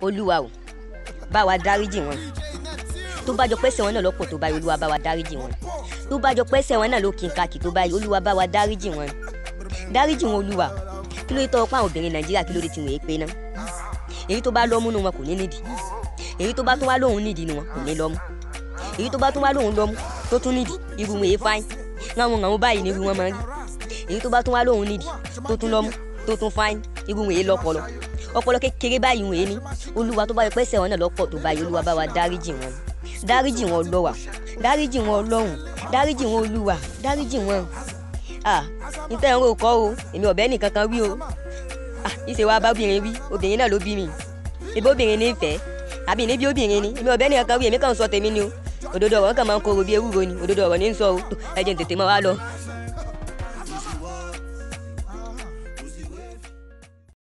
olúwa o bá wa dáríjì wọn tó bá jọ pé ẹ̀ṣẹ̀ wọn náà lọ́pọ̀ tó báyìí olúwa bá wa dáríjì wọn tó bá jọ pé ẹ̀ṣẹ̀ wọn náà ló kí n kakì tó báyìí olúwa bá wa dáríjì wọn dáríjì wọn olúwa kí ló dé tọ́ pa àwọn obìnrin nàìjíríà kí ló dé tí wọ́n pé ná èyí tó bá lọ́mú nu wọn kò ní nídìí èyí tó bá tún wá lóhun nídìí nu wọn kò ní lọ́mú èyí tó bá tún wá lóhun lọ́mú tó tún nídìí irú wọn èé fáyín láwọn àwọn báyìí ni irú wọn máa ń rí èyí tó bá tún wá lóhun nídìí tó tún lọ́mú tó tún fáyín irú wọn èé ọpọlọ kékeré báyìí wọn ni, olúwa tó bá yẹ pẹ́sẹ̀ wọn náà lọ́pọ̀ tó báyìí olúwa bá wa dáríjì wọn dáríjì wọn lọ́wà dáríjì wọn ọlọ́run dáríjì wọn olúwa dáríjì wọn nítorí ẹ̀rọ kọ́ o èmi ọ̀bẹ nìkan kan wí o ìṣe wa bá obìnrin wí obìnrin náà ló bí mi ebi obìnrin ní ìfẹ́ àbí ní bí obìnrin ni èmi ọ̀bẹ nìkan kan wí èmi kàn sọ tèmi ni o òdodo ọ̀rọ̀ kàn máa ń korò bí ewúro ni òdodo ọ̀rọ̀ ní ń sọ o ẹ jẹ́ n tètè máa wá lọ.